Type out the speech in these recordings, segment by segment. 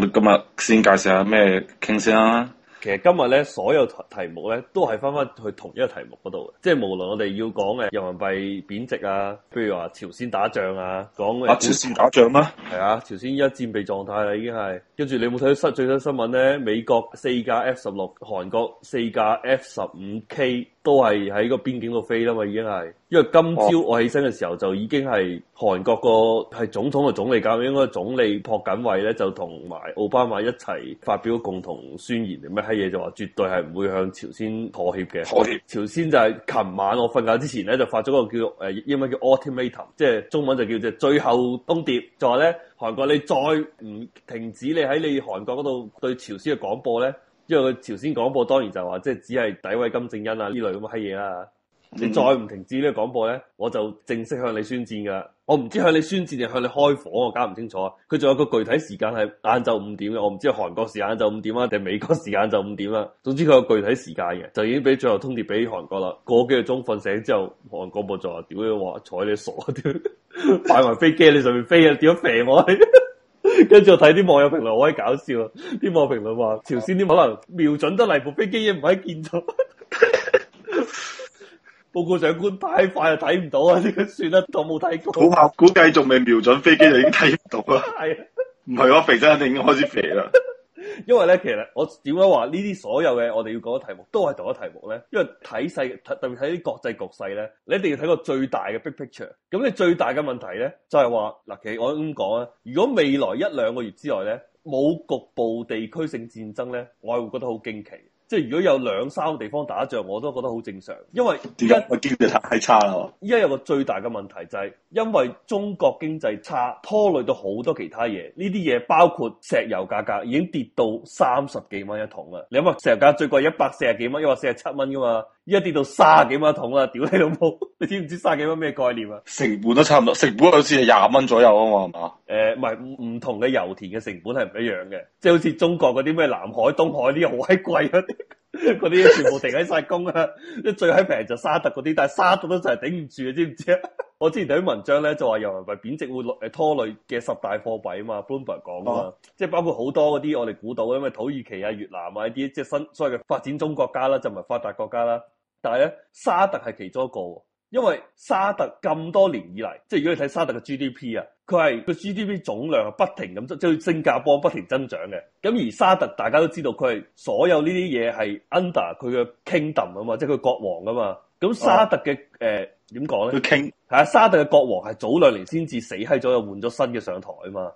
我今日先介紹下咩傾先啦。 其實今日咧，所有題目咧都係返返去同一個題目嗰度嘅，即係無論我哋要講嘅人民幣貶值啊，譬如話朝鮮打仗啊，講朝鮮打仗咩？係啊，朝鮮、啊、一戰備狀態啦，已經係。跟住你有冇睇到新最新新聞咧？美國四架 F 十六，韓國四架 F 十五 K 都係喺個邊境度飛啦嘛，已經係。因為今朝我起身嘅時候就已經係韓國個係、啊、總統嘅總理搞，應該總理朴槿惠咧就同埋奧巴馬一齊發表共同宣言嘅咩？啲嘢就話絕對係唔會向朝鮮妥協嘅。妥協，朝鮮就係琴晚我瞓覺之前咧就發咗個叫誒英文叫 ultimatum 即係中文就叫做最後通牒，就話咧韓國你再唔停止你喺你韓國嗰度對朝鮮嘅廣播咧，因為佢朝鮮廣播當然就話即係只係詆毀金正恩啊呢類咁嘅閪嘢啦。你再唔停止個廣呢個廣播咧，我就正式向你宣戰噶。我唔知向你宣戰定向你開火，我搞唔清楚。佢仲有個具體時間係晏晝五點嘅，我唔知係韓國時間晏晝五點啊，定美國時間晏晝五點啦。總之佢有具體時間嘅，就已經俾最後通牒俾韓國啦。過幾個鐘瞓醒之後，韓國播就話：屌你話，睬你傻啊！屌，買埋飛機喺你上面飛啊？屌樣射我？跟 住我睇啲網友評論好閪搞笑啊！啲網友評論話：朝鮮啲可能瞄準得嚟部飛機嘢唔喺見到。報告長官太快就睇唔到啊！呢算啦，當冇睇過，好下估計仲未瞄準飛機 就已經睇唔到啦。係啊，唔係啊，肥仔一定開始肥啦。 因為咧，其實我點解話呢啲所有嘅我哋要講嘅題目都係同一題目咧？因為睇世特特別睇啲國際局勢咧，你一定要睇個最大嘅 big picture。咁你最大嘅問題咧，就係話嗱，其實我咁講啊，如果未來一兩個月之內咧，冇局部地區性戰爭咧，我會覺得好驚奇。即係如果有兩三個地方打仗，我都覺得好正常，因為依家經濟太差啦。依家有個最大嘅問題就係，因為中國經濟差，拖累到好多其他嘢。呢啲嘢包括石油價格已經跌到三十幾蚊一桶啦。你諗下，石油價最貴一百四十幾蚊，一百四十七蚊噶嘛，依家跌到三十幾蚊一桶啦，屌你老母！你知唔知三十幾蚊咩概念啊？成本都差唔多，成本好似係廿蚊左右啊嘛，係嘛？誒，唔係唔同嘅油田嘅成本係唔一樣嘅，即係好似中國嗰啲咩南海、東海啲好閪貴嗰啲，嗰啲 全部停喺晒工啊！一 最閪平就沙特嗰啲，但係沙特都就係頂唔住啊！知唔知啊？ 我之前睇啲文章咧，就話人民幣貶值會拖累嘅十大貨幣啊嘛，Bloomberg 講啊，哦、即係包括好多嗰啲我哋估到，因為土耳其啊、越南啊啲，即係新所謂嘅發展中國家啦，就唔係發達國家啦。但係咧，沙特係其中一個，因為沙特咁多年以嚟，即係如果你睇沙特嘅 GDP 啊。佢係個 GDP 總量係不停咁增，即係新加坡不停增長嘅。咁而沙特大家都知道，佢係所有呢啲嘢係 under 佢嘅 kingdom 啊嘛，即係佢國王啊嘛。咁沙特嘅誒點講咧？佢 king 係啊，沙特嘅國王係早兩年先至死喺咗，又換咗新嘅上台啊嘛。啊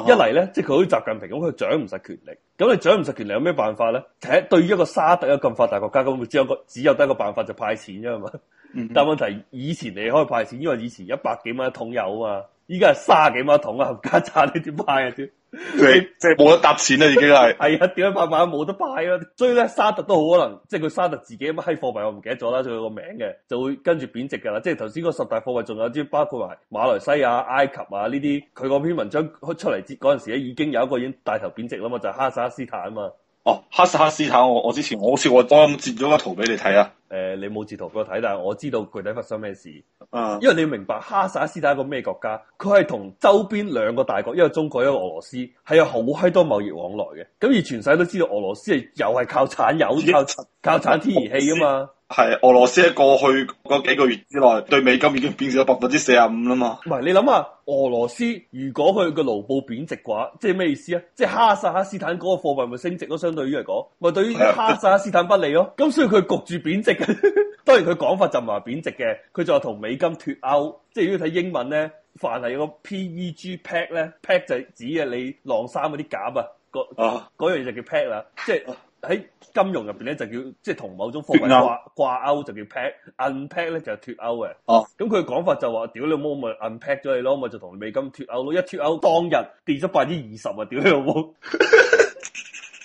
哈一嚟咧，即係佢好似習近平咁，佢掌唔實權力。咁你掌唔實權力有咩辦法咧？且、就是、對於一個沙特咁發達國家咁，佢只有個只有得個辦法就派錢啫嘛。嗯、哼但問題以前你可以派錢，因為以前一百幾蚊一桶油啊嘛。依家係卅幾蚊一桶啊，冚家鏟你點派啊？你 即係冇得搭錢啦，已經係。係啊，點一百萬冇得派啊？所以咧，沙特都好，可能即係佢沙特自己乜閪貨幣，我唔記得咗啦，佢個名嘅，就會跟住貶值噶啦。即係頭先嗰十大貨幣，仲有啲包括埋馬來西亞、埃及啊呢啲。佢嗰篇文章出嚟嗰陣時咧，已經有一個已經帶頭貶值啦，就是、嘛，就哈薩克斯坦啊嘛。哦，哈薩克斯坦，我我之前我好似，我咁截咗個圖俾你睇啊。誒、呃，你冇截圖俾我睇，但係我知道具體發生咩事。啊，uh，因為你要明白哈薩克斯坦係一個咩國家，佢係同周邊兩個大國，一個中國、一個俄羅斯，係有好閪多貿易往來嘅。咁而全世界都知道俄羅斯係又係靠產油、靠靠產天然氣㗎嘛。係俄羅斯喺過去嗰幾個月之內，對美金已經變成咗百分之四十五啦嘛。唔係你諗下，俄羅斯如果佢個盧布貶值嘅話，即係咩意思啊？即係哈薩克斯坦嗰個貨幣咪升值咯？相對於嚟講，咪對於哈薩克斯坦不利咯、哦。咁 所以佢焗住貶值嘅。當然佢講法就唔係話貶值嘅，佢就話同美金脱歐。即係如果睇英文咧，凡係有個 PEG pack 咧，pack 就係指啊你晾衫嗰啲夾啊，嗰嗰樣嘢就叫 pack 啦，即係。喺金融入邊咧就叫即係、就是、同某種貨品掛掛鈎就叫 pack，unpack 咧 pack 就脫鉤嘅。哦，咁佢嘅講法就話：，屌、oh. 你老母咪 unpack 咗你咯，咪就同美金脫鉤咯。一脫鉤當日跌咗百分之二十啊！屌你老母！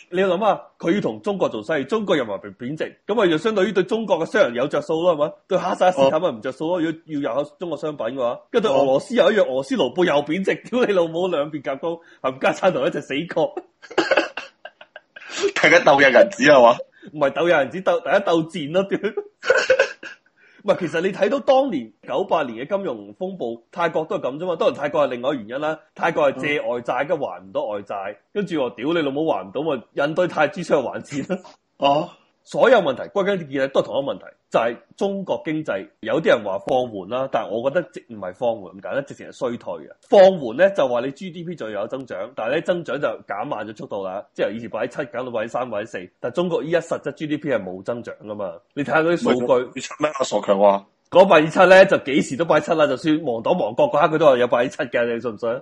你要諗下，佢要同中國做生意，中國人民幣貶值，咁啊又相對於對中國嘅商人有着數咯，係嘛？對哈薩斯坦啊唔着數咯。要要入中國商品嘅話，跟住俄羅斯又一樣，俄羅斯盧布又貶值，屌你老母，兩邊夾攻，冚家鏟同一隻死殼。大家鬥，日日 鬥有銀紙啊嘛，唔係鬥有銀紙，鬥大家鬥賤咯屌！唔 係其實你睇到當年九八年嘅金融風暴，泰國都係咁啫嘛。當然泰國係另外一原因啦，泰國係借外債，跟住還唔到外債，跟住我屌你老母還唔到嘛，印對泰銖出去還錢啦。啊！所有問題歸根結底咧都係同一個問題，就係、是、中國經濟有啲人話放緩啦，但係我覺得直唔係放緩唔簡單，直情係衰退嘅。放緩咧就話你 GDP 仲有增長，但係咧增長就減慢咗速度啦，即係以前百分之七減到百分之三、百分之四。但係中國依一實質 GDP 係冇增長噶嘛，你睇下嗰啲數據。你出咩阿傻強話嗰個百分之七咧就幾時都百分之七啦，就算亡黨亡國嗰刻佢都話有百分之七嘅，你信唔信？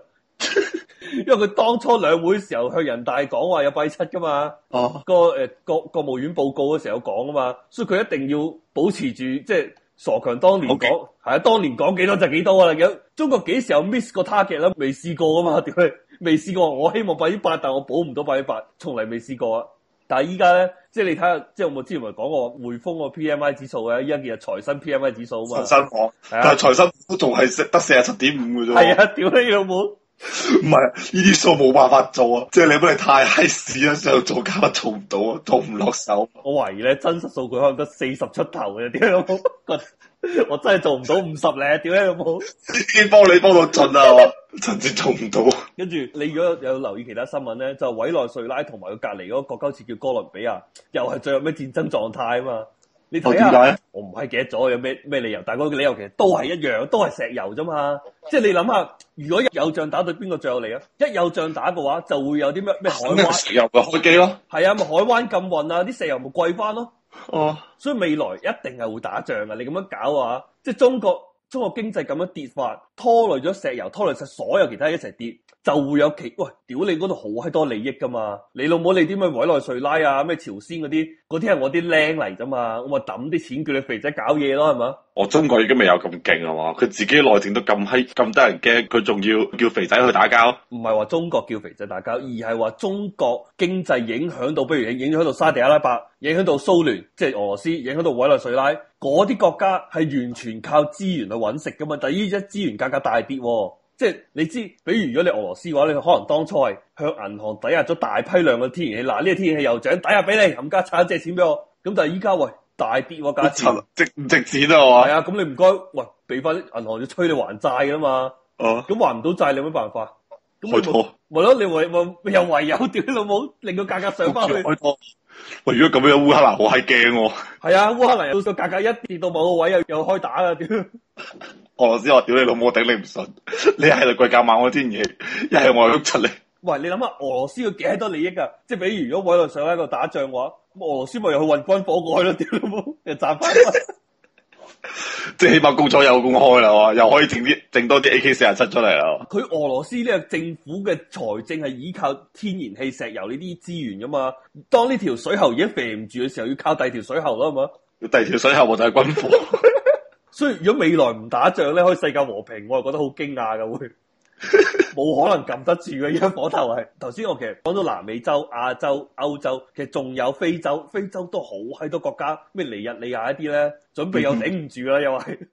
因為佢當初兩會嘅時候向人大講話有八七噶嘛，個誒國國務院報告嘅時候講啊嘛，所以佢一定要保持住即係傻強當年講係啊，當年講幾多就幾多啊，咁中國幾時有 miss 個 target 咧？未試過啊嘛？屌佢，未試過。我希望八一八，但係我保唔到八一八，從嚟未試過啊。但係依家咧，即係你睇下，即係我之前咪講過匯豐個 P M I 指數嘅，依家叫啊財新 P M I 指數啊嘛。財新講，但係財新都仲係得四十七點五噶啫。係啊，屌你老母！唔係，呢啲數冇辦法做啊！即係你本你太嗨屎啦，上做假乜做唔到啊，做唔落手。我懷疑咧，真實數據可能得四十出頭嘅，點解我真係做唔到五十咧？點解冇？已經幫你幫到盡啦，甚至做唔到。跟住，你如果有留意其他新聞咧，就委內瑞拉同埋佢隔籬嗰個國家好似叫哥倫比亞，又係最後咩戰爭狀態啊嘛？你睇下，我唔係記得咗，有咩咩理由？但係嗰個理由其實都係一樣，都係石油啫嘛。 即係你諗下，如果有有仗打對邊個最有利啊？一有仗打嘅話，就會有啲咩咩海灣石油咪開機咯。係海 啊，咪海灣禁運啊，啲石油咪貴翻咯。哦， 所以未來一定係會打仗噶。你咁樣搞啊，即係中國中國經濟咁樣跌法，拖累咗石油，拖累晒所有其他一齊跌。就會有其喂屌你嗰度好閪多利益噶嘛？你老母你啲咩委內瑞拉啊咩朝鮮嗰啲嗰啲係我啲靚嚟啫嘛？噉我揼啲錢叫你肥仔搞嘢咯，係嘛？我中國已經未有咁勁啊嘛？佢自己內政都咁閪咁得人驚，佢仲要叫肥仔去打交？唔係話中國叫肥仔打交，而係話中國經濟影響到，不如影影響到沙特阿拉伯，影響到蘇聯，即係俄羅斯，影響到委內瑞拉嗰啲國家係完全靠資源去揾食噶嘛？但係依家資源價格大跌，啊。即係你知，比如如果你俄羅斯嘅話，你可能當初係向銀行抵押咗大批量嘅天然氣，嗱、啊、呢、這個天然氣又漲，抵押俾你，冚家鏟借錢俾我。咁但係依家喂大跌喎，價錢值唔值，值錢啦？係嘛？係啊，咁你唔該喂俾翻啲銀行要催你還債噶嘛？咁還唔到債，你有咩辦法？開、嗯、拖，咪咯托，你唯我又唯有屌老母令個價格上翻去。去喂，如果咁樣烏克蘭好閪驚喎，係啊， 烏克蘭又上價格一跌到某個位又又開打啦，屌！俄羅斯話屌你老母頂你唔順，你喺度鬼搞猛我啲嘢，一係我喐出嚟。喂，你諗下俄羅斯要幾多利益噶？即係比如如果我喺度上喺度打仗嘅話，俄羅斯咪又去運軍火過去咯，屌你老母，又賺翻。 即係起碼工廠又公開啦，又可以整啲整多啲 AK 四七出嚟啦。佢俄羅斯呢個政府嘅財政係依靠天然氣、石油呢啲資源噶嘛？當呢條水喉已經肥唔住嘅時候，要靠條第二條水喉啦，係嘛？第二條水喉我就係軍火。所以如果未來唔打仗咧，可以世界和平，我又覺得好驚訝噶會。冇 可能撳得住嘅，而家火頭，係頭先，我其實講到南美洲、亞洲、歐洲，其實仲有非洲，非洲都好閪多國家，咩尼日利亞一啲咧，準備又頂唔住啦， 又係。